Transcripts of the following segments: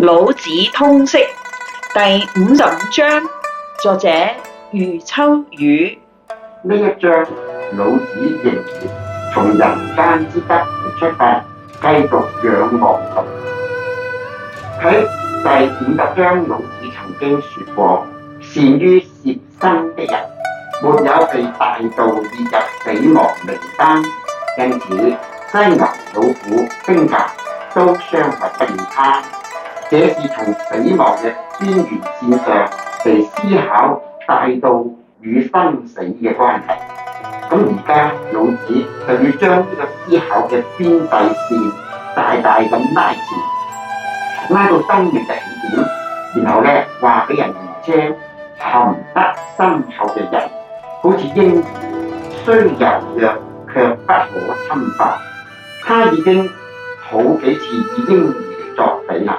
老子通釋第五十五章，作者余秋雨。呢一章老子仍然從人間之德而出發，繼續仰望神。喺第五十章，老子曾經説過：善於攝生的人，沒有被大道列入死亡名單。因此，犀牛、老虎、兵甲都傷害並差。這是從死亡嘅邊緣線上嚟，思考大道與生死嘅關係。咁而家老子就要將呢個思考嘅邊際線大大咁拉前，拉到生命嘅起點，然後咧話俾人聽，含得深厚嘅人，好似嬰兒雖柔弱，卻不可侵犯。他已經好幾次以嬰兒作比啊！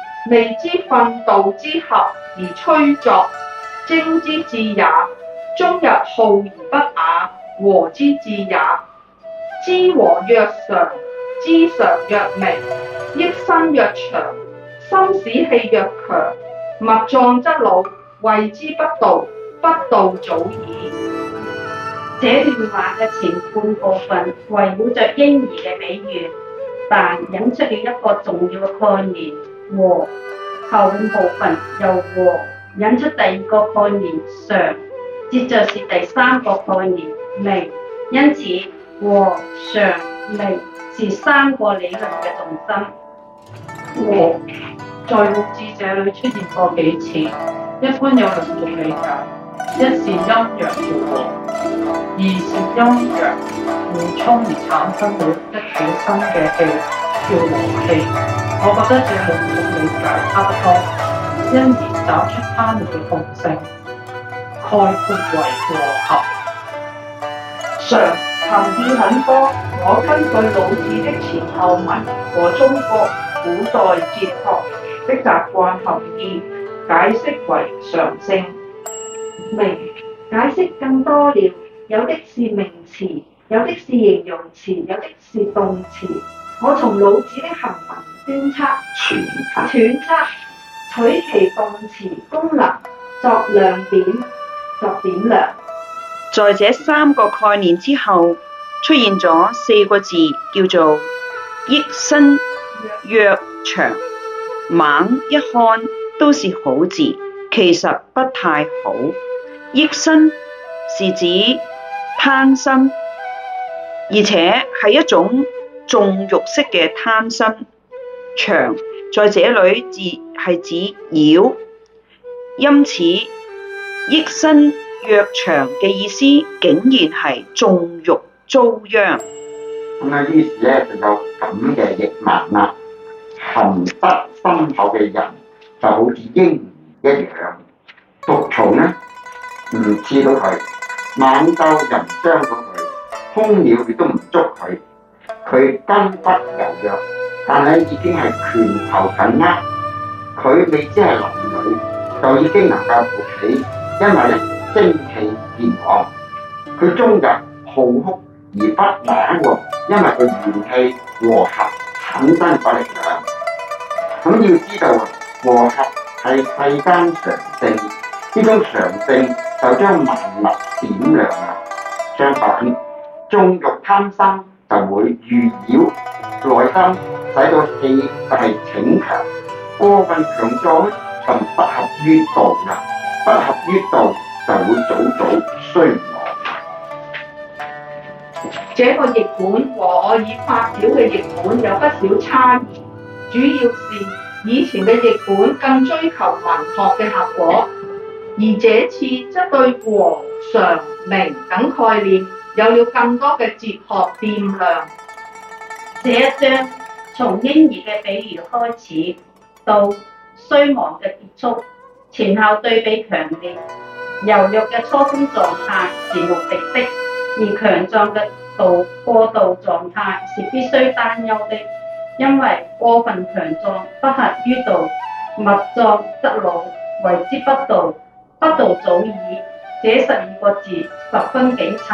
未知訓道之合而吹作精之至也，終日好而不雅和之至也。知和曰常，知常曰明，益生曰長，心使氣曰強，物壯則老，謂之不道，不道早已。這段話嘅前半部分圍繞着嬰兒嘅比喻，但引出了一個重要嘅概念。和後半部分又和引出第二個概念「常」，接着是第三個概念「明」。因此「和」、「常」、「明」是三個理論嘅重心。和在《五字》這裏出現過幾次，一般有兩種理解：一是陰陽調和，二是陰陽互沖而產生了一種新嘅氣叫和氣。我覺得這係我理解差不多，因而找出他們嘅共性，概括為和合。常含義很多，我根據老子的前後文和中國古代哲學的習慣含義解釋為常性。名解釋更多了，有的是名詞。有的是形容詞，有的是動詞。我從老子的行文揣測、揣測擦取其動詞功能作亮點、作點亮。在這三個概念之後，出現咗四個字，叫做益生曰祥，猛一看都是好字，其實不太好。益生是指貪心。而且係一種縱欲式嘅貪生。祥，在這裡字係指妖，因此益生曰祥嘅意思，竟然係縱欲遭殃。咁啊，於是咧就有咁嘅譯文啦，含德深厚嘅人就好似嬰兒一樣，毒蟲呢唔知道係猛鬥人傷。空了亦都唔捉佢，佢筋不柔弱，但係已經係拳頭緊握。佢未知係男女，女，就已經能夠活起，因為咧精氣健旺。佢終日好哭而不猛，因為佢元氣和合，產生咗力量。咁要知道啊，和合係世間常勝，呢種常勝就將萬物點亮啊，相反。縱欲貪生就會愚擾內心，使到氣勢逞強過分強壯咧，就不合於道格，不合於道就會早早衰亡。這個譯本和我已發表嘅譯本有不少差異，主要是以前嘅譯本更追求文學嘅效果，而這次則對和、常、明等概念。有了更多嘅哲學掂量，這一章從嬰兒嘅比喻開始，到衰亡嘅結束，前後對比強烈。柔弱嘅初生狀態是無敵的，而強壯嘅度過度狀態是必須擔憂的，因為過分強壯不合於道，物壯則老，謂之不道，不道早已。這十二個字十分警策。